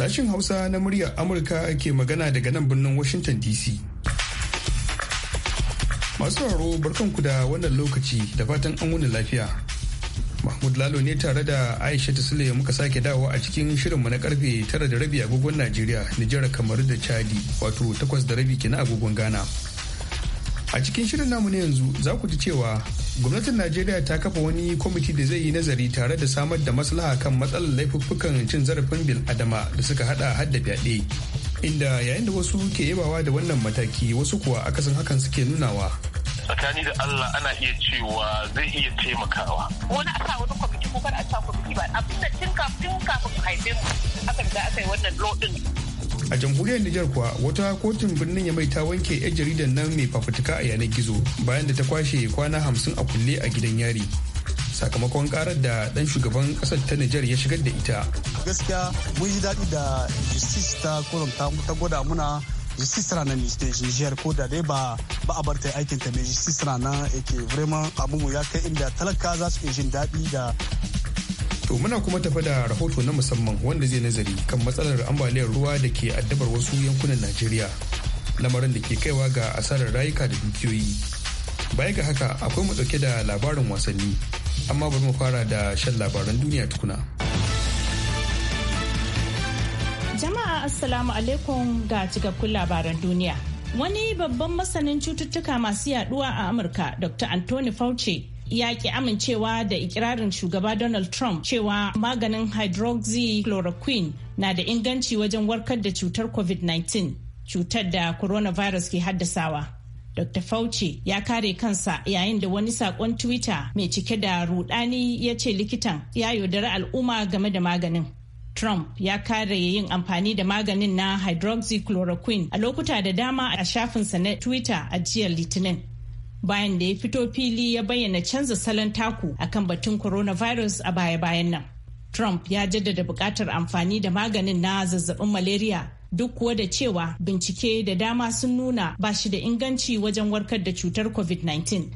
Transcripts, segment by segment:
sashen Hausa na muryar Amurka ke magana daga nan birnin Washington DC. Masu haro barkanku da wannan lokaci da fatan an wuni lafiya. Mahmud Lalo ne tare da Aisha Sule muka sake dawo a cikin shirinmu na karfe tara da rabi agogon Najeriya, Nijar kamar da Chadi, wato takwas da rabi kina agogon Ghana. a cikin shirin namu na yanzu za ku ji cewa gwamnatin najeriya ta kafa wani kwamiti da zai yi nazari tare da samar da maslaha kan matsalar laifuffukan cin zarafin bil adama da suka hada hadda fyaɗe inda yayin da wasu ke yabawa da wannan mataki wasu kuwa akasin hakan suke nunawa tsakani da Allah ana iya cewa zai iya taimakawa. Wani a sa wani kwamiti ko kar a sa kwamiti ba abin da tun kafin kafin haife mu aka riga aka yi wannan lodin a jamhuriyar Nijar kuwa wata kotun birnin ya mai ta wanke 'yan jaridar nan mai fafutuka a yanar gizo bayan da ta kwashe kwana hamsin a kulle a gidan yari sakamakon karar da dan shugaban kasar ta Nijar ya shigar da ita. Gaskiya mun ji daɗi da justice ta kuranta ta gwada muna justice na Nijar ko da dai ba ba a barta aikin ta mai justice na yake vraiment abu ya kai inda talaka za su jin daɗi da To muna kuma tafa da rahoto na musamman wanda zai nazari kan matsalar ambaliyar ruwa da ke addabar wasu yankunan Najeriya. Lamarin da ke kaiwa ga asarar rayuka da dukiyoyi. Baya ga haka akwai mu dauke da labarin wasanni, amma bari mu fara da shan labaran duniya tukuna. Jama'a Assalamu alaikum ga cikakkun labaran duniya. Wani babban masanin cututtuka masu yaduwa a Amurka, Dr. Anthony Fauci, ya ki amincewa da ikirarin shugaba Donald Trump cewa maganin hydroxychloroquine na da inganci wajen warkar da cutar COVID-19, cutar da coronavirus ke haddasawa. Dr. Fauci ya kare kansa yayin da wani saƙon Twitter mai cike da rudani ya ce likitan ya yaudara al'umma game da maganin. Trump ya kare yin amfani da maganin na hydroxychloroquine a lokuta da dama a shafinsa na Twitter a jiya Litinin. bayan da ya fito fili ya bayyana canza salon taku akan batun coronavirus a baya-bayan nan. Trump ya jaddada buƙatar amfani da maganin na zazzabin malaria duk kuwa da cewa bincike da dama sun nuna ba shi da inganci wajen warkar da cutar COVID-19.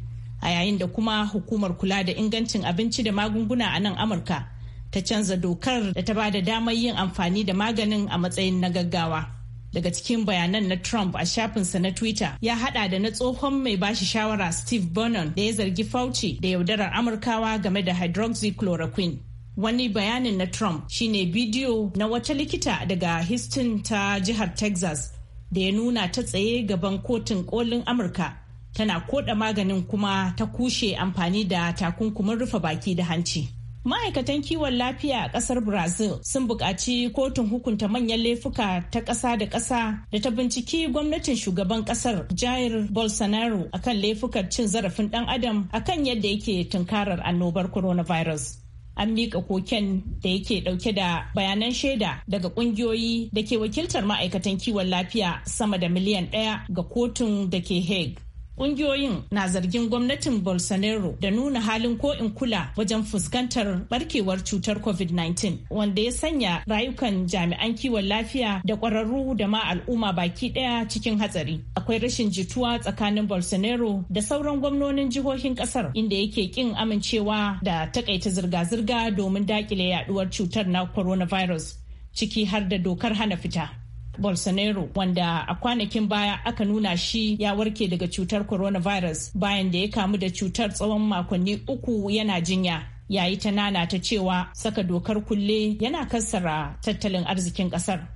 A yayin da kuma hukumar kula da ingancin abinci da magunguna a nan Amurka ta canza dokar da ta ba da damar yin amfani da maganin a matsayin na gaggawa. daga cikin bayanan na Trump a shafinsa na Twitter ya hada da na tsohon mai bashi shawara Steve Bannon da ya zargi Fauci da yaudarar Amurkawa game da hydroxychloroquine. Wani bayanin na Trump shine bidiyo na wata likita daga Houston ta jihar Texas da ya nuna ta tsaye gaban kotun kolin Amurka tana koda maganin kuma ta kushe amfani da takunkumin rufe baki da hanci. ma'aikatan kiwon lafiya a kasar brazil sun buƙaci kotun hukunta manyan laifuka ta ƙasa da ƙasa da ta binciki gwamnatin shugaban ƙasar jair bolsonaro akan laifukan cin zarafin ɗan adam akan yadda yake tunkarar annobar coronavirus an miƙa koken da yake ɗauke da bayanan shaida daga ƙungiyoyi da ke wakiltar ma'aikatan kiwon lafiya sama da miliyan ɗaya ga kotun da ke hague Ƙungiyoyin na zargin gwamnatin Bolsonaro da nuna halin ko in kula wajen fuskantar barkewar cutar COVID-19 wanda ya sanya rayukan jami'an kiwon lafiya da ƙwararru da ma al'umma baki ɗaya cikin hatsari. Akwai rashin jituwa tsakanin Bolsonaro da sauran gwamnonin jihohin ƙasar inda yake ƙin amincewa da takaita zirga-zirga domin daƙile yaɗuwar cutar na coronavirus ciki har da dokar hana fita. Bolsonaro wanda a kwanakin baya aka nuna shi ya warke daga cutar coronavirus bayan da ya kamu da cutar tsawon makonni uku yana jinya. Yayi ta nana ta cewa saka dokar kulle yana kassara tattalin arzikin kasar.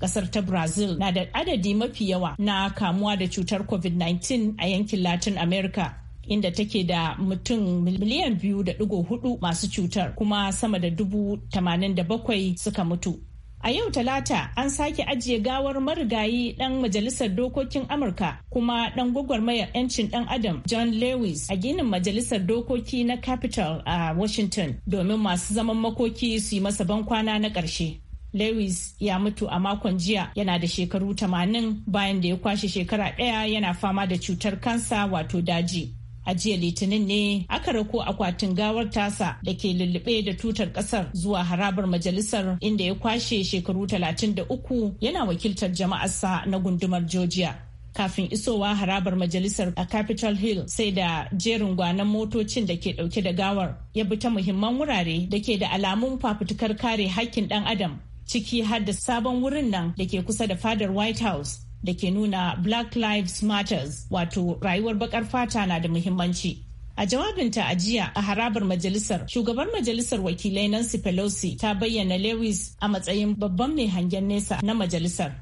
kasar ta brazil na da adadi mafi yawa na kamuwa da cutar covid-19 a yankin latin america inda take da mutum miliyan biyu da digo hudu masu cutar kuma sama da dubu tamanin da bakwai suka mutu A yau Talata an sake ajiye gawar marigayi ɗan majalisar dokokin Amurka kuma ɗan gwagwarmayar 'yancin ɗan Adam John Lewis a ginin majalisar dokoki na Capital a Washington domin masu zaman makoki su yi masa kwana na ƙarshe. Lewis ya mutu a makon jiya yana da shekaru 80 bayan da ya kwashe shekara ɗaya yana fama da cutar kansa wato daji. a jiya litinin ne aka rako akwatin gawar tasa da ke lullube da tutar kasar zuwa harabar majalisar inda ya kwashe shekaru 33 yana wakiltar jama'arsa na gundumar georgia kafin isowa harabar majalisar a capitol hill sai da jerin gwanon motocin da ke dauke da gawar ya bi ta muhimman wurare da ke da alamun fafutukar kare hakkin ɗan adam ciki har da sabon wurin nan da ke kusa da fadar white house da ke nuna Black Lives Matters wato rayuwar bakar fata na da muhimmanci. A jawabinta a jiya a harabar majalisar, shugabar majalisar wakilai Nancy Pelosi ta bayyana Lewis a matsayin babban mai hangen nesa na majalisar.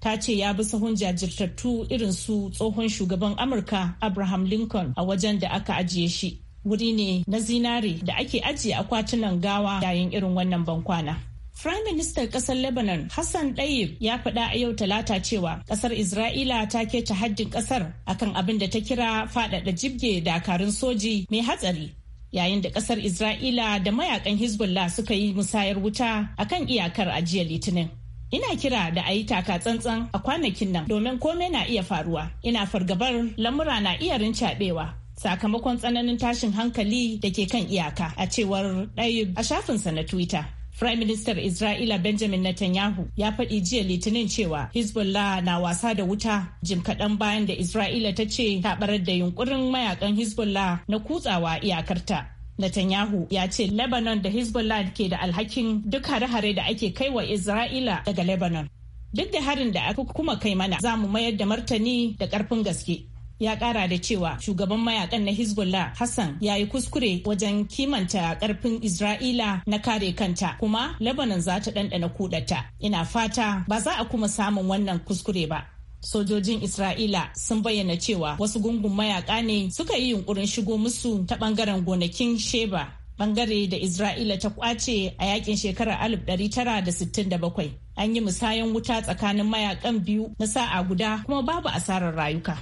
ta ce ya bi sahun jajirtattu irin su tsohon shugaban amurka abraham lincoln a wajen da aka ajiye shi wuri ne na zinare da ake ajiye akwatunan gawa yayin irin wannan bankwana Prime Minister kasar Lebanon Hassan Dayib ya faɗa a yau talata cewa kasar Isra'ila ta keta haddin kasar akan abin da ta kira faɗaɗa jibge dakarun soji mai hatsari yayin da kasar Isra'ila da mayakan Hezbollah suka yi musayar wuta akan iyakar a jiya Litinin. Ina kira da a yi taka tsantsan a kwanakin nan domin kome na iya faruwa. Ina fargabar lamura na iya rincaɓewa sakamakon tsananin tashin hankali da ke kan iyaka a cewar ɗayib a shafinsa na Twitter. Prime Minister Isra'ila Benjamin Netanyahu ya faɗi jiya Litinin cewa Hezbollah na wasa da wuta jim kaɗan bayan da Isra'ila ta ce ta barar da yunkurin mayakan Hezbollah na kutsawa iyakarta. Netanyahu ya ce Lebanon da Hezbollah ke da alhakin duk hare-hare da ake kai wa Isra'ila daga Lebanon. Duk da harin da aka kuma kai mana za mu mayar da martani da ƙarfin gaske. ya kara da cewa shugaban mayakan na hezbollah hassan ya yi kuskure wajen kimanta karfin isra'ila na kare kanta kuma lebanon za ta ɗanɗana kudata ina fata ba za a kuma samun wannan kuskure ba sojojin isra'ila sun bayyana cewa wasu gungun mayaka ne suka yi yunkurin shigo musu ta bangaren gonakin sheba bangare da Isra'ila ta kwace a yakin shekarar 1967. An yi musayan wuta tsakanin mayakan biyu na sa'a guda kuma babu asarar rayuka.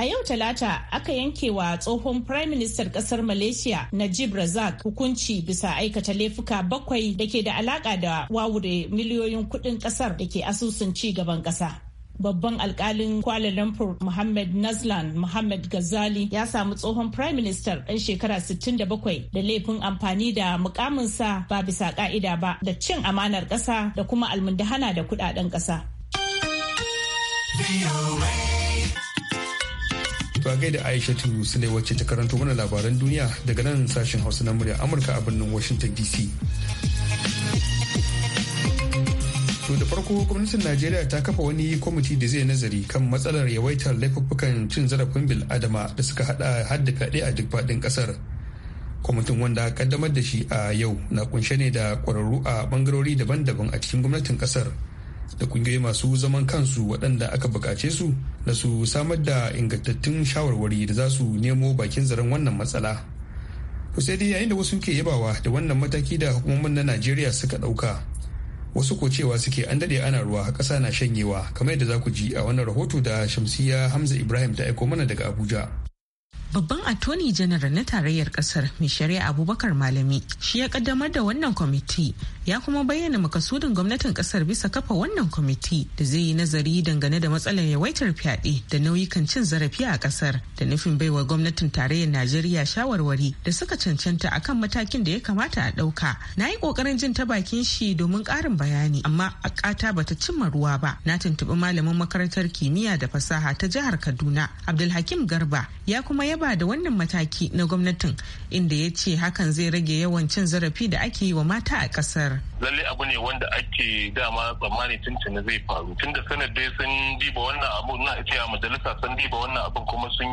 A yau Talata aka yanke wa tsohon Prime Minister kasar Malaysia Najib Razak hukunci bisa aikata laifuka bakwai da ke da alaka da wawure miliyoyin kuɗin kasar da ke asusun ci gaban ƙasa. babban alkalin Kuala Lumpur Muhammad Nazlan Muhammad Ghazali ya samu tsohon Prime Minister ɗan shekara 67 da laifin amfani da mukaminsa ba bisa ka'ida ba da cin amanar ƙasa da kuma almundahana da kudaden ƙasa. To da aisha su ne wacce ta karanto mana labaran duniya daga nan sashen Hausa na murya Amurka a birnin Washington DC. To da farko gwamnatin Najeriya ta kafa wani kwamiti da zai nazari kan matsalar yawaitar laifuffukan cin zarafin bil adama da suka hada hadda fyaɗe a duk faɗin ƙasar. Kwamitin wanda kaddamar da shi a yau na kunshe ne da ƙwararru a ɓangarori daban-daban a cikin gwamnatin ƙasar. da kungiyoyi masu zaman kansu waɗanda aka buƙace su da su samar da ingantattun shawarwari da za su nemo bakin zaren wannan matsala. To sai dai yayin da wasu ke yabawa da wannan mataki da hukumomin na Najeriya suka ɗauka. Wasu ko cewa suke an daɗe ana ruwa ƙasa na shanyewa kamar yadda za ku ji a wannan rahoto da Shamsiya Hamza Ibrahim ta aiko mana daga Abuja. Babban Attorney General na tarayyar kasar mai shari'a Abubakar Malami shi ya kaddamar da wannan kwamiti ya kuma bayyana makasudin gwamnatin kasar bisa kafa wannan kwamiti da zai yi nazari dangane da matsalar yawaitar fyaɗe da nauyukan cin zarafi a kasar da nufin baiwa gwamnatin tarayyar Najeriya shawarwari da suka cancanta akan matakin da ya kamata a ɗauka. Na yi ƙoƙarin jin ta bakin shi domin ƙarin bayani amma akata ƙata bata cimma ruwa ba. Na tuntuɓi malamin makarantar kimiyya da fasaha ta jihar Kaduna Abdulhakim Garba ya kuma ya yaba da wannan mataki na gwamnatin inda ya ce hakan zai rage yawan cin zarafi da ake yi wa mata a kasar. Lalle abu ne wanda ake dama tsammani tuntuni zai faru. Tun da sanar dai sun diba wannan abu na ce a majalisa sun diba wannan abin kuma sun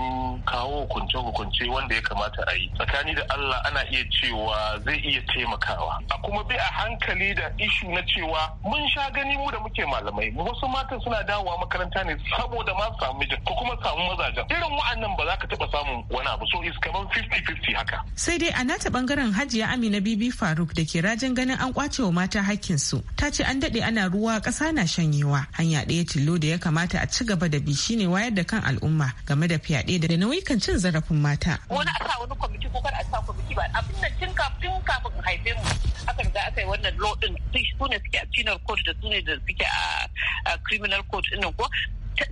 kawo hukunce-hukunce wanda ya kamata a yi. Tsakani da Allah ana iya cewa zai iya taimakawa. A kuma bi a hankali da ishu na cewa mun sha gani mu da muke malamai. Wasu matan suna dawowa makaranta ne saboda ma samu mijin ko kuma samu mazajen. Irin wa'annan ba za ka taɓa samu. wani abu so is kaman 50-50 haka. Sai dai a nata bangaren Hajiya Amina Bibi Faruk da ke rajin ganin an kwace wa mata su ta ce an daɗe ana ruwa ƙasa na shanyewa hanya ɗaya tillo da ya kamata a ci gaba da bi shine wayar da kan al'umma game da fyaɗe da nauyukan cin zarafin mata. Wani a sa wani kwamiti ko kar a sa kwamiti ba abin da tun kafin kafin haife mu aka riga aka yi wannan law din su ne suke a penal code da su ne da suke a criminal code ɗin ko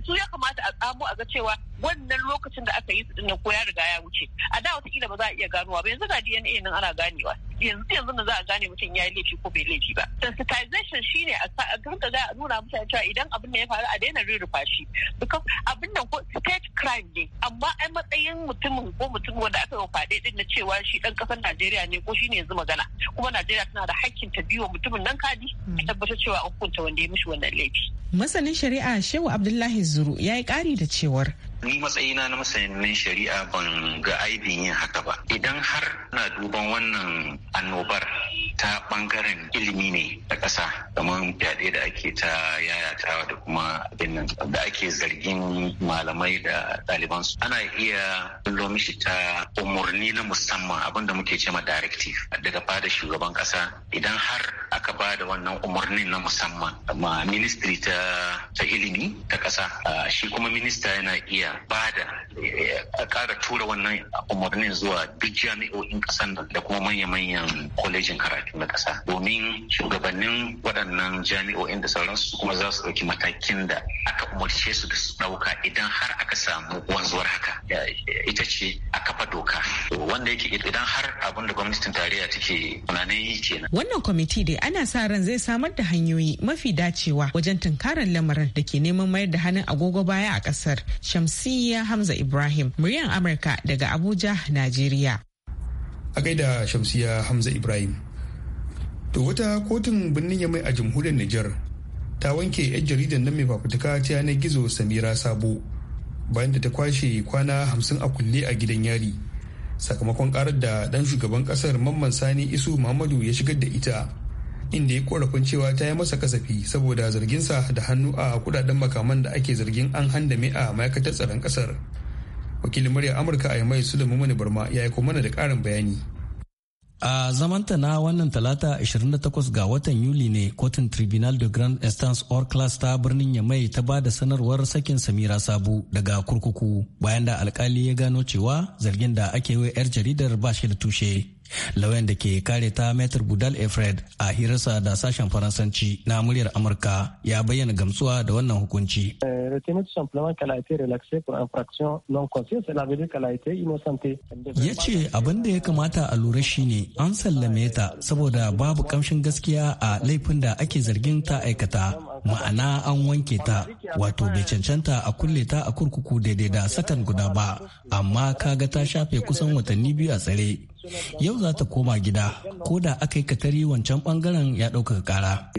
su ya kamata a tsamo a ga cewa wannan lokacin da aka yi din ko ya riga ya wuce a da wataƙila ba za a iya ganowa ba yanzu ga DNA nan ana ganewa yanzu yanzu da za a gane mutum ya yi laifi ko bai laifi ba sensitization shine a ganka za a nuna mutane cewa idan abin da ya faru a daina rurrufa shi because abin nan ko state crime ne amma a matsayin mutumin ko mutum wanda aka yi faɗe din na cewa shi dan kasar Najeriya ne ko shine yanzu magana kuma Najeriya tana da hakkin ta biyo mutumin nan kadi a hmm. tabbatar cewa an hukunta wanda ya mishi wannan laifi masanin shari'a Shehu Abdullahi Zuru ya yi ƙari da cewar ni matsayina na masanin shari'a ban ga aibin yin haka ba idan har na duban wannan annobar ta bangaren ilimi ne na ƙasa kamar fyaɗe da ake ta yayatawa da kuma abin nan da ake zargin malamai da ɗaliban su ana iya kullo mishi ta umarni na musamman abinda muke cema directive daga fada shugaban ƙasa idan har aka ba da wannan umarnin na musamman ma ministry ta ta ilimi ta ƙasa shi kuma minista yana iya ba da ƙara tura wannan umarnin zuwa duk jami'o'in ƙasan da kuma manya-manyan kwalejin karatu na ƙasa domin shugabannin waɗanda waɗannan jami'o'in da sauransu su kuma za su ɗauki matakin da aka umarce su da su ɗauka idan har aka samu wanzuwar haka ita ce a kafa doka wanda yake idan har abin da gwamnatin tarayya take tunanin yi kenan. Wannan kwamiti dai ana sa ran zai samar da hanyoyi mafi dacewa wajen tunkarar lamarin da ke neman mayar da hannun agogo baya a ƙasar. Shamsiyya Hamza Ibrahim, muryar Amurka daga Abuja, Najeriya. A gaida Shamsiyya Hamza Ibrahim. to wata kotun birnin yamai a jamhuriyar nijar ta wanke 'yan jaridar nan mai fafutuka ta yanar gizo samira sabo bayan da ta kwashe kwana hamsin a kulle a gidan yari sakamakon karar da dan shugaban kasar mamman sani isu muhammadu ya shigar da ita inda ya korafin cewa ta yi masa kasafi saboda zarginsa da hannu a kudaden makaman da ake zargin an handame a ma'aikatar tsaron kasar wakilin murya amurka a yamai sulaimu mani barma ya yi mana da karin bayani A zamanta na wannan talata 28 ga watan Yuli ne kotun Tribunal de Grand Instance or Class ta birnin Yamai ta ba da sanarwar sakin Samira Sabu daga kurkuku bayan da alkali ya gano cewa zargin da ake yi 'yar jaridar ba shi da tushe. Lauyan da ke kare ta Metr Budal Efred a hirarsa da sashen Faransanci na muryar Amurka ya bayyana gamsuwa da wannan hukunci. Eh, retenue tout simplement qu'elle a été relaxée pour infraction non consciente. Cela veut dire qu'elle a été innocentée. Ya ce abin da ya kamata a lura shi ne an sallame ta saboda babu kamshin gaskiya a laifin da ake zargin ta aikata. Ma'ana an wanke ta wato bai cancanta a kulle ta a kurkuku daidai da sakan guda ba amma kaga ta shafe kusan watanni biyu a tsare yau za ta koma gida ko da aka yi katari wancan bangaren ya ɗaukaka kara.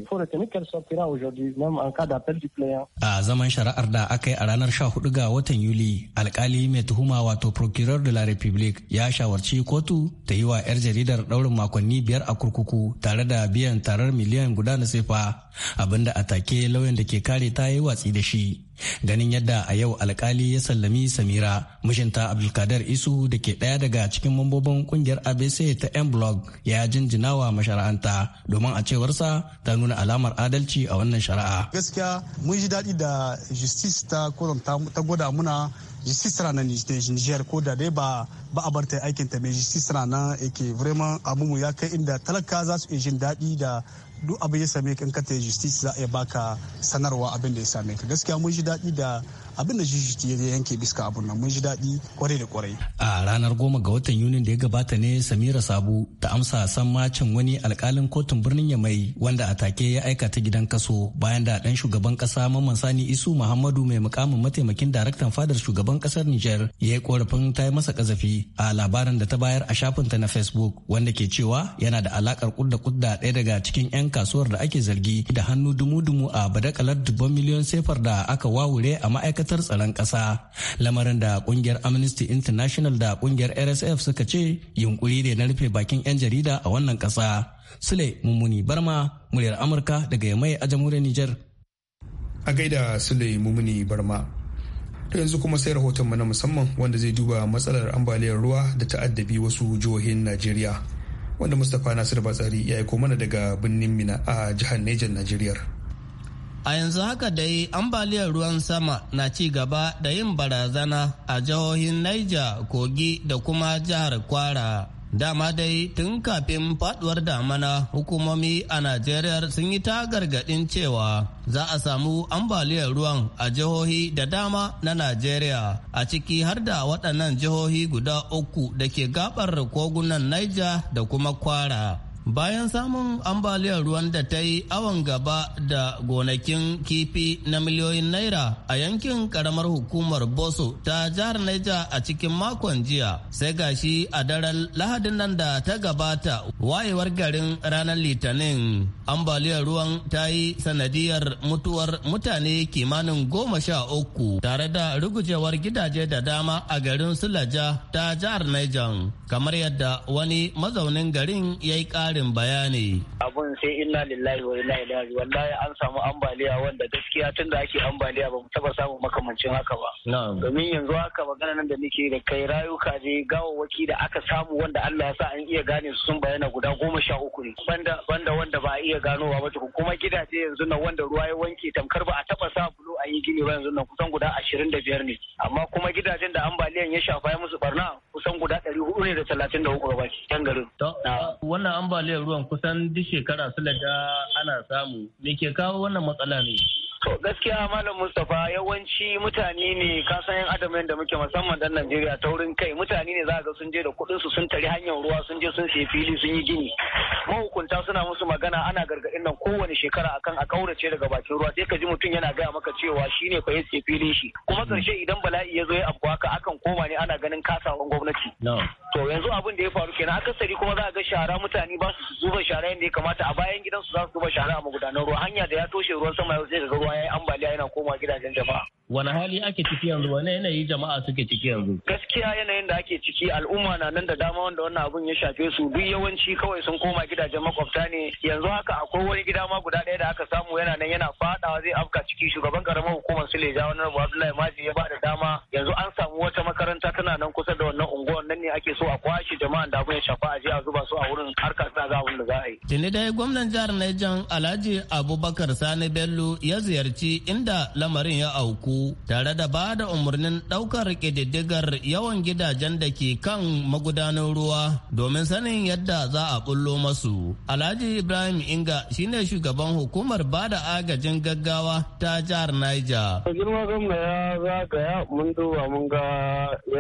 A zaman shari'ar da aka yi a ranar 14 ga watan Yuli, alkali mai tuhuma wato Procureur de la République ya shawarci kotu ta yi wa 'yar jaridar ɗaurin makonni biyar a kurkuku tare da biyan tarar miliyan guda na sefa abinda a take lauyan da ke kare ta yi watsi da shi. ganin yadda a yau alkali ya sallami samira mijinta abdulkadir isu da ke ɗaya daga cikin mambobin kungiyar abc ta m blog ya jinjina wa mashara'anta domin a cewarsa ta nuna alamar adalci a wannan shari'a gaskiya mun ji daɗi da justice ta kolom ta gwada muna justice na niger ko da dai ba ba a bar ta aikin ta mai justice na yake vraiment abu ya kai inda talaka za su jin daɗi da duk abin ya same ka in ka ta justice za a iya baka sanarwa abin da ya same ka gaskiya mun ji daɗi da abin da jijiti ya yanke biska abun nan mun ji daɗi kwarai da kwarai. a ranar goma ga watan yunin da ya gabata ne samira sabu ta amsa san macin wani alkalin kotun birnin ya mai wanda a take ya aikata gidan kaso bayan da ɗan shugaban ƙasa mamman sani isu muhammadu mai mukamin mataimakin daraktan fadar shugaban ƙasar niger ya yi korafin ta yi masa kazafi a labarin da ta bayar a shafinta na facebook wanda ke cewa yana da alakar kudda kudda ɗaya daga cikin 'yan kasuwar da ake zargi da hannu dumu-dumu a badakalar dubban miliyon sefar da aka wawure a ma'aikatar ma'aikatar tsaron ƙasa lamarin da ƙungiyar amnesty international da ƙungiyar rsf suka ce yunkuri ne na rufe bakin 'yan jarida a wannan ƙasa sule mummuni barma muryar amurka daga yamai a jamhuriyar niger a gaida sule mummuni barma to yanzu kuma sai rahoton na musamman wanda zai duba matsalar ambaliyar ruwa da ta'addabi wasu jihohin najeriya wanda mustapha nasir batsari ya aiko mana daga birnin mina a jihar nejan najeriya A yanzu haka dai ambaliyar ruwan sama na ci gaba da yin barazana a jihohin Niger, Kogi da kuma jihar Kwara. Dama dai tun kafin faduwar damana hukumomi a Najeriya sun yi ta gargaɗin cewa za a samu ambaliyar ruwan a jihohi da dama na Najeriya a ciki har da waɗannan jihohi guda uku da ke gabar kogunan Niger da kuma Kwara. bayan samun ambaliyar ruwan da ta yi awon gaba da gonakin kifi na miliyoyin naira a yankin karamar hukumar boso ta jihar naija a cikin makon jiya sai gashi a daren lahadin nan da ta gabata wayewar garin ranar litinin ambaliyar ruwan ta yi sanadiyar mutuwar mutane kimanin goma sha uku tare da rugujewar gidaje da dama a garin sulaja ta jihar naija kamar yadda wani mazaunin garin ya yi ƙarin bayani. Abun sai inna lillahi wa inna ilaihi wallahi an samu ambaliya wanda gaskiya tun da ake ambaliya ba mu taba samun makamancin haka ba. Domin yanzu haka magana nan da nake da kai rayuka je gawawwaki da aka samu wanda Allah ya sa an iya gane su sun bayyana guda goma sha uku ne. Banda banda wanda ba a iya gano ba tukun kuma gidaje yanzu nan wanda ruwa ya wanke tamkar ba a taba sa bulo a yi gini ba yanzu nan kusan guda ashirin da biyar ne. Amma kuma gidajen da ambaliyan ya shafa ya musu barna kusan guda ɗari hudu ne da talatin da uku gaba garin. Wannan ambaliya ambaliyar ruwan kusan duk shekara su daga ana samu me ke kawo wannan matsala ne To gaskiya Malam Mustapha yawanci mutane ne kasan yan adam da muke musamman dan Najeriya ta wurin kai mutane ne za ga sun je da kuɗin su sun tari hanyar ruwa sun je sun siya fili sun yi gini. Mahukunta suna musu magana ana gargaɗin nan kowane shekara akan a kaurace daga bakin ruwa sai ka ji mutum yana gaya maka cewa shine fa yake fili shi. Kuma karshe hmm. idan bala'i ya zo ya abu haka akan koma ne ana ganin kasawan gwamnati. To yanzu abin da ya faru kenan akasari kuma za ga shara mutane ba su zuba shara yadda ya kamata a bayan gidan su za su zuba shara a magudanar ruwa hanya da ya toshe ruwan sama yau sai ga ruwa bayan ambaliya yana koma gidajen jama'a wani hali ake ciki yanzu wani yanayi jama'a suke ciki yanzu gaskiya yanayin da ake ciki al'umma na nan da dama wanda wannan abun ya shafe su duk yawanci kawai sun koma gidajen makwabta ne yanzu haka akwai wani gida ma guda ɗaya da aka samu yana nan yana faɗawa zai afka ciki shugaban karamar hukumar su leja wani rabu abdullahi maji ya bada dama yanzu an samu wata makaranta tana nan kusa da wannan unguwar nan ne ake so a kwashe jama'an da abun ya shafa a je a zuba su a wurin harkar sa za abun da za a yi. tuni dai gwamnan jihar Niger Alhaji Abubakar Sani Bello ya ziyarci ziyarci inda lamarin ya auku tare da ba da umarnin daukar ƙididdigar yawan gidajen da ke kan magudanar ruwa domin sanin yadda za a bullo masu. Alhaji Ibrahim Inga shine shugaban hukumar ba da agajin gaggawa ta jihar Niger. Girma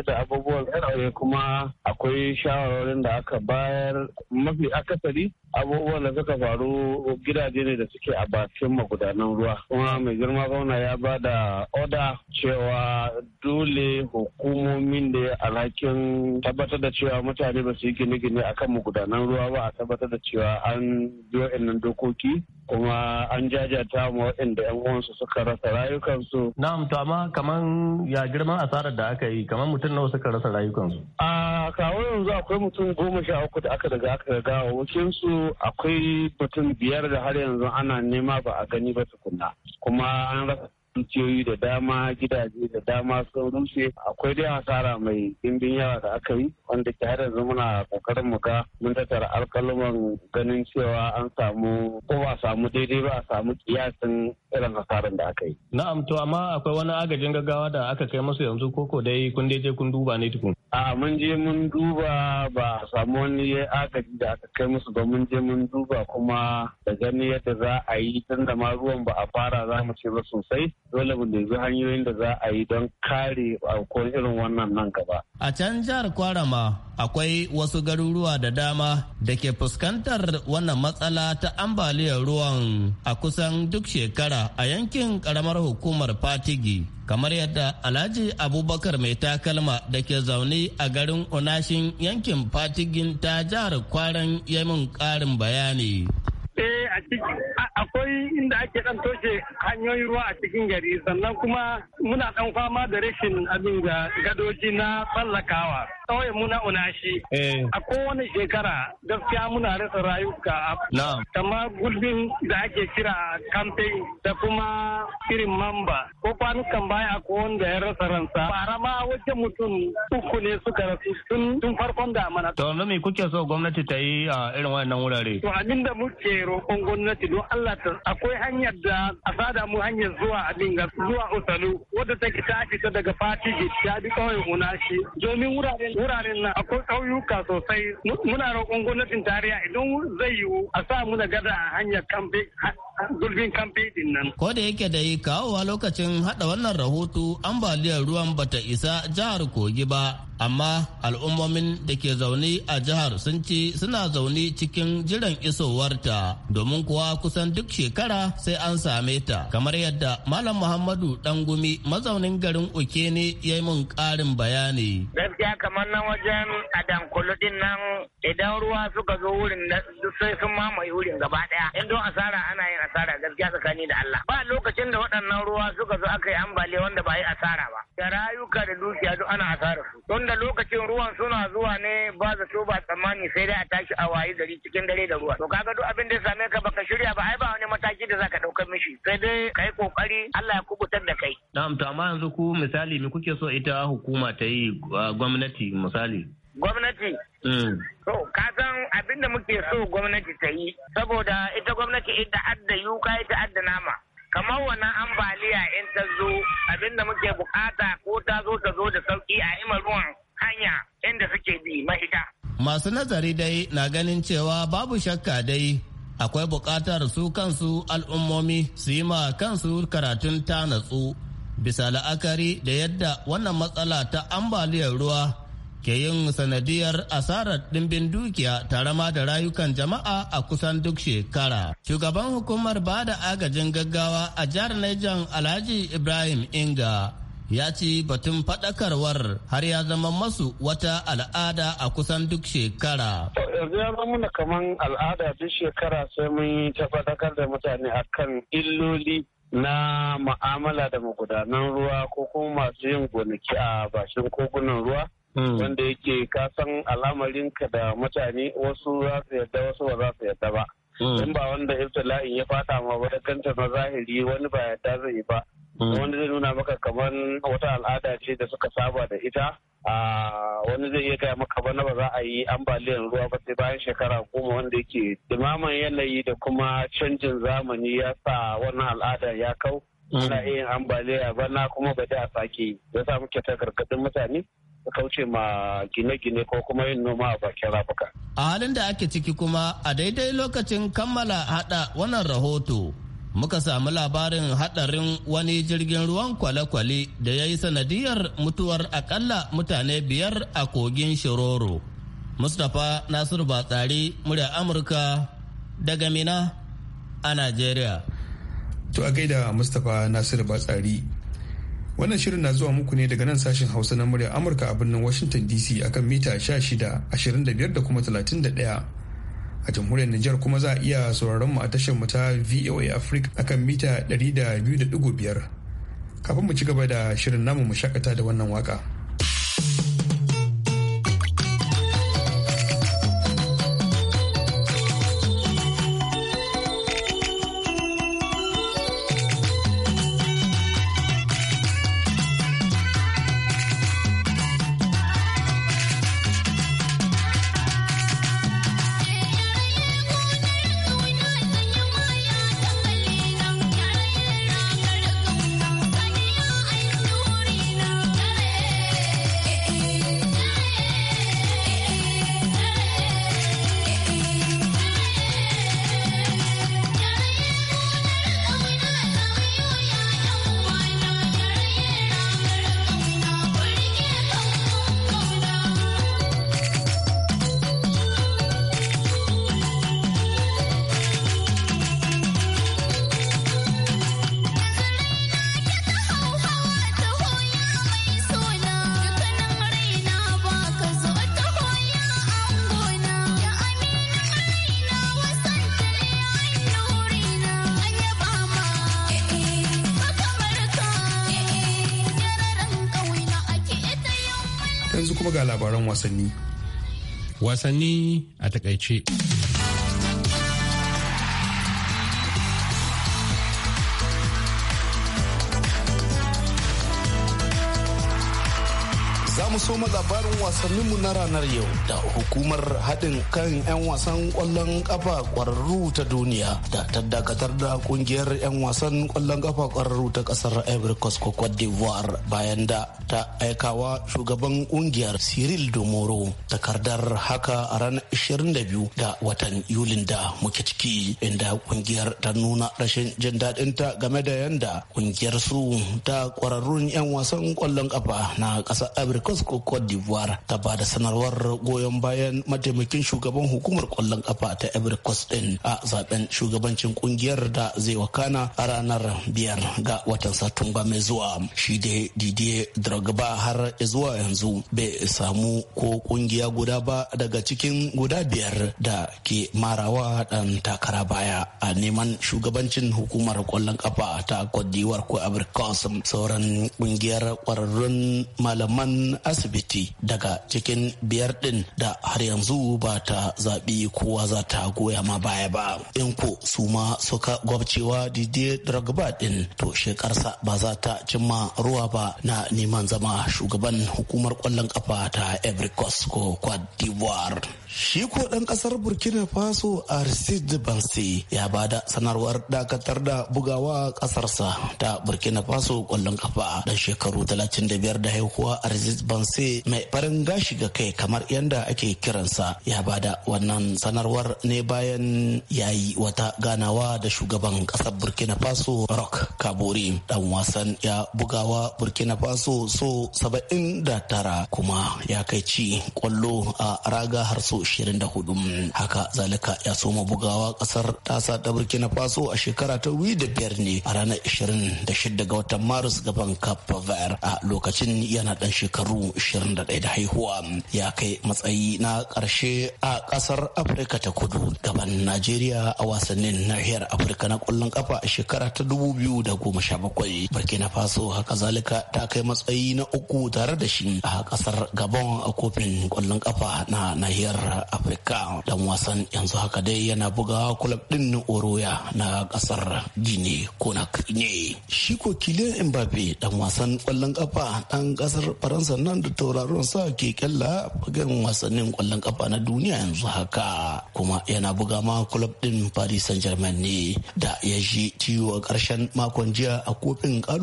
abubuwan kuma akwai shawarwarin da aka bayar mafi akasari abubuwan da suka faru gidaje ne da suke a bakin magudanan ruwa. Kuma kuma mai girma gwamna ya ba da oda cewa dole hukumomin da alhakin tabbatar da cewa mutane ba su yi gine-gine kan magudanan ruwa ba a tabbatar da cewa an biyo nan dokoki kuma an jajata ma waɗanda 'yan uwansu suka rasa rayukansu. Na'am to amma kaman ya girma asarar da aka yi kaman mutum nawa suka rasa rayukansu. A kawo yanzu akwai mutum goma sha uku da aka daga aka gawa wakinsu akwai mutum biyar da har yanzu ana nema ba a gani ba tukunna. kuma an rasa dukiyoyi da dama gidaje da dama sun rushe akwai dai asara mai dimbin yawa da aka yi wanda ke har yanzu muna kokarin mu ga mun tattara alkaluman ganin cewa an samu ko ba samu daidai ba a samu kiyasin irin hasaran da aka yi. Na'am to amma akwai wani agajin gaggawa da aka kai masu yanzu ko dai kun je kun duba ne tukun. A mun je mun duba ba a samu wani agaji da aka kai musu ba mun je mun duba kuma da gani yadda za a yi tun da ma ruwan ba a fara za mu ce ba sosai dole mu nemi hanyoyin da za a yi don kare ko irin wannan nan gaba. A can jihar Kwarama akwai wasu garuruwa da dama da ke fuskantar wannan matsala ta ambaliyar ruwan a kusan duk shekara a yankin karamar hukumar Fatigi. Kamar yadda Alhaji Abubakar mai takalma da ke zaune a garin Onashin yankin Fatigin ta jihar Kwaran yamin ƙarin bayani. Eh a akwai inda ake dan toshe hanyoyin ruwa a cikin gari sannan kuma muna dan fama da rashin abin da gadoji na tsallakawa tsawai muna unashi eh. a kowane shekara gaskiya muna rasa rayuka kama gulbin da ake kira kamfen da kuma irin mamba ko kwanukan baya a wanda ya rasa ransa bara ma wace mutum uku ne suka rasu tun farkon damana. to me kuke so gwamnati ta yi a irin wannan wurare to da muke roƙon gwamnati don Allah akwai hanyar da a sada mu hanyar zuwa dinga zuwa Osalu wadda take ta fita daga Fatigi ta bi kauyen Unashi domin wuraren wuraren nan akwai ƙauyuka sosai muna roƙon gwamnatin tarayya idan zai yiwu a sa mu da gada a hanyar kamfe gulbin kamfe din nan. Ko da yake da yi kawowa lokacin hada wannan rahoto ambaliyar ruwan bata isa jihar Kogi ba amma al'ummomin da ke zaune a jihar sun ce suna zaune cikin jiran isowarta domin kuwa kusan duk shekara sai an same ta kamar yadda malam muhammadu gumi, mazaunin garin uke ne ya yi mun karin bayani gaskiya kamar nan wajen dankulu din nan idan ruwa suka zo wurin sai sun mamaye wurin gaba daya in don asara ana yin asara gaskiya tsakani da Allah ba lokacin da waɗannan ruwa suka zo aka yi ambaliya wanda ba yi asara ba da rayuka da dukiya duk ana asara su tunda lokacin ruwan suna zuwa ne ba zato ba tsammani sai dai a tashi a waye gari cikin dare da ruwa to kaga duk abin da ya same ka baka shirya ba ai ba wani mataki da zaka dauka mishi sai dai kai kokari Allah ya kubutar da kai na'am to amma yanzu ku misali me kuke so ita hukuma ta yi gwamnati misali gwamnati mm. To, ka san abin da muke so gwamnati ta yi, saboda ita gwamnati ita adda yuka ita adda nama. kamar wannan ambaliya in ta zo abinda muke bukata ko ta zo ta zo da sauki a ima ruwan hanya inda suke bi mahita. Masu nazari dai na ganin cewa babu shakka dai akwai bukatar su kansu al'ummomi su yi ma kansu karatun ta natsu bisa la'akari da yadda wannan matsala ta ambaliyar ruwa ke yin sanadiyar asarar ɗimbin dukiya tare ma da rayukan jama'a a kusan duk shekara. Shugaban hukumar ba da agajin gaggawa a jihar Niger Alhaji Ibrahim Inga ya ci batun faɗakarwar har ya zama masu wata al'ada a kusan duk shekara. yanzu ya zama muna kaman al'ada duk shekara sai mun yi ta faɗakar da mutane akan illoli na ma'amala da magudanan ruwa ko kuma masu yin gonaki a bashin kogunan ruwa Mm. wanda yake ka san al'amarinka da mutane wasu za su yarda wasu ba za su yarda ba mm. in ba wanda ibtila'in ya fata ma ba kanta na zahiri wani ba yarda zai ba mm. wani zai nuna maka kamar wata al'ada ce da suka saba da ita wani zai iya gaya maka bana ba za a yi ambaliyar ruwa ba sai bayan shekara goma wanda yake dumaman yanayi da kuma canjin zamani ya sa wannan al'ada ya kau ana iya yin ambaliya bana kuma ba da a sake ya sa muke ta gargadin mutane kauce ma gine-gine ko kuma yin noma a bakin rafuka. A halin da ake ciki kuma a daidai lokacin kammala hada wannan rahoto muka samu labarin hadarin wani jirgin ruwan kwale-kwale da ya yi sanadiyar mutuwar akalla mutane biyar a kogin Shiroro. Mustapha Nasir Batsari murya Amurka daga Mina a Najeriya. To a gaida Mustapha Nasir Batsari Wannan shirin na zuwa muku ne daga nan sashen Hausa na murya Amurka a birnin Washington DC akan mita 16, 25 da kuma 31. A jamhuriyar Nijar kuma za a iya sauraron mu a tashar mu ta VOA Africa akan mita 200.5. Kafin mu ci gaba da shirin namu mu shakata da wannan waka. wasanni wasanni a takaice mu soma labarin wasanninmu na ranar yau da hukumar haɗin kan 'yan wasan ƙwallon ƙafa ƙwararru ta duniya da ta dakatar da ƙungiyar 'yan wasan ƙwallon ƙafa ƙwararru ta ƙasar Ivory Coast ko Cote d'Ivoire bayan da ta aikawa shugaban ƙungiyar Cyril Domoro takardar haka a ranar 22 da watan Yulin da muke ciki inda ƙungiyar ta nuna rashin jin daɗinta game da yanda ƙungiyar su ta ƙwararrun 'yan wasan ƙwallon ƙafa na ƙasar Ivory Coast ko cote d'ivoire ta ba da sanarwar goyon bayan mataimakin shugaban hukumar kwallon kafa ta ivory coast din a zaben shugabancin kungiyar da zai wakana a ranar biyar ga watan satumba mai zuwa shi da didier drogba har zuwa yanzu bai samu ko kungiya guda ba daga cikin guda biyar da ke marawa dan takara baya a neman shugabancin hukumar kwallon kafa ta cote d'ivoire ko ivory coast sauran kungiyar kwararrun malaman asibiti daga cikin biyar din da har yanzu ba ta zaɓi kowa za ta goya ma baya ba in ko su ma suka gwabcewa didier drogba din to shekarsa ba za ta cimma ruwa ba na neman zama shugaban hukumar kwallon kafa ta Coast ko Cote d'Ivoire. Shi ko ɗan ƙasar Burkina Faso Aristide Bansi ya ba da sanarwar dakatar da bugawa ƙasarsa ta Burkina Faso kwallon kafa dan shekaru 35 da haihuwa Aristide Sai mai farin gashi ga kai kamar yadda ake kiransa ya bada wannan sanarwar ne bayan yayi wata ganawa da shugaban kasar Burkina Faso Rock Kabori dan wasan ya bugawa Burkina Faso so tara kuma ya kai ci kwallo a raga har so 24 haka zalika ya soma bugawa kasar tasa ta Burkina Faso a shekara ta biyar ne a ranar 26 ga watan Maris gaban Cape a lokacin yana dan shekaru 21 da haihuwa ya kai matsayi na ƙarshe a ƙasar afirka ta kudu gaban najeriya a wasannin nahiyar afirka na ƙwallon ƙafa a shekara ta 2017 burkina faso haka zalika ta kai matsayi na uku tare da shi a ƙasar gabon a kofin ƙwallon ƙafa na nahiyar afirka dan wasan yanzu haka dai yana buga kulab ɗin oroya na ƙasar gini konakri ne shi ko kilian mbappe dan wasan ƙwallon ƙafa ɗan ƙasar faransa nan da tauraron sa ke kyalla fagen wasannin kwallon kafa na duniya yanzu haka kuma yana buga ma club din Paris Saint-Germain ne da ya ji ciwo a ƙarshen makon jiya a kofin ka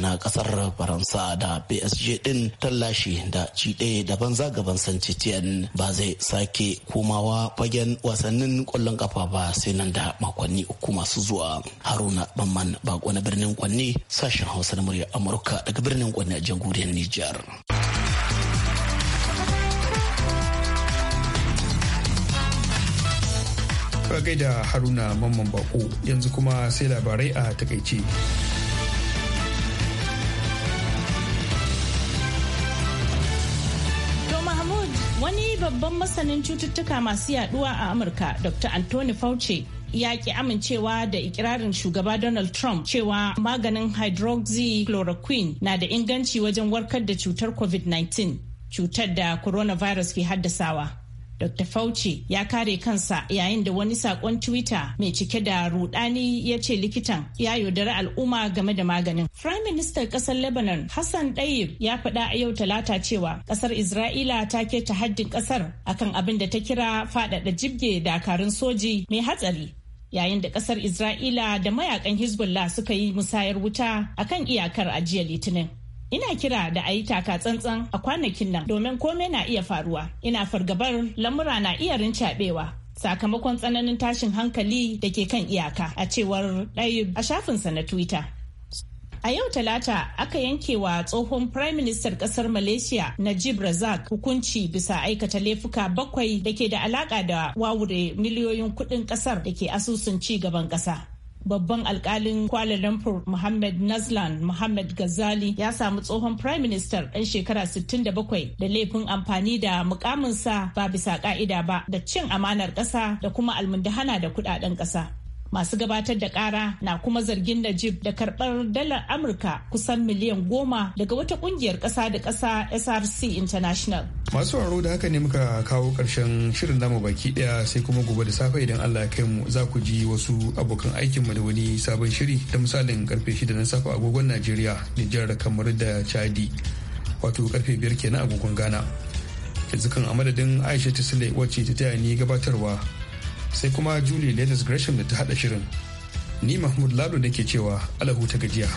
na ƙasar Faransa da PSG din tallashi da ci ɗaya daban zagaban san etienne ba zai sake komawa fagen wasannin kwallon kafa ba sai nan da makonni uku masu zuwa Haruna Bamman bako na birnin Kwanni sashen Hausa na murya Amurka daga birnin Kwanni a jamhuriyar Nijar. Ragai da Haruna Mamman Bako yanzu kuma sai labarai a takaice. Wani babban masanin cututtuka masu yaduwa a Amurka, Dr. Anthony Fauci, ya ki amincewa da ikirarin shugaba Donald Trump cewa maganin hydroxychloroquine na da inganci wajen warkar da cutar COVID-19, cutar da coronavirus ke haddasawa. Dr. Fauci ya kare kansa yayin da wani sakon Twitter mai cike da rudani ya ce likitan ya yaudara al'umma game da maganin. Prime Minister kasar Lebanon Hassan Dayib ya faɗa a yau talata cewa kasar Isra'ila ta keta haddin kasar akan abin da ta kira faɗaɗa jibge dakarun soji mai hatsari yayin da kasar Isra'ila da mayakan Hezbollah suka yi musayar wuta akan iyakar ajiyar Litinin. Ina kira da a yi taka tsantsan a kwanakin nan domin komai na iya faruwa. Ina fargabar lamura na iya rincaɓewa. Sakamakon tsananin tashin hankali da ke kan iyaka a cewar ɗaya a shafinsa na Twitter. A yau Talata aka yanke wa tsohon Prime Minister kasar Malaysia Najib Razak hukunci bisa aikata laifuka bakwai da ke da alaka da wawure miliyoyin kudin kasar da ke asusun ci gaban kasa. babban alkalin Kuala Lumpur Muhammad Nazlan Muhammad Ghazali ya samu tsohon Prime Minister ɗan shekara 67 da laifin amfani da mukaminsa ba bisa ka'ida ba da cin amanar ƙasa da kuma almundahana da kuɗaɗen ƙasa. Masu gabatar da kara na kuma zargin Najib da karbar dalar Amurka kusan miliyan goma daga wata kungiyar kasa da kasa SRC International. Masu sauraro da haka ne muka kawo karshen shirin namu baki daya sai kuma gobe da safe idan Allah ya kai mu za ku ji wasu abokan aikinmu da wani sabon shiri ta misalin karfe shida na safe agogon Najeriya, Nijar, kamar da Chadi. Wato karfe biyar kenan agogon Ghana. Yanzu kan a madadin Aisha Tisle wacce ta taya ni gabatarwa sai kuma julie latest gresham da ta haɗa shirin ni mahmud lalo nake ke cewa alahu ta gajiya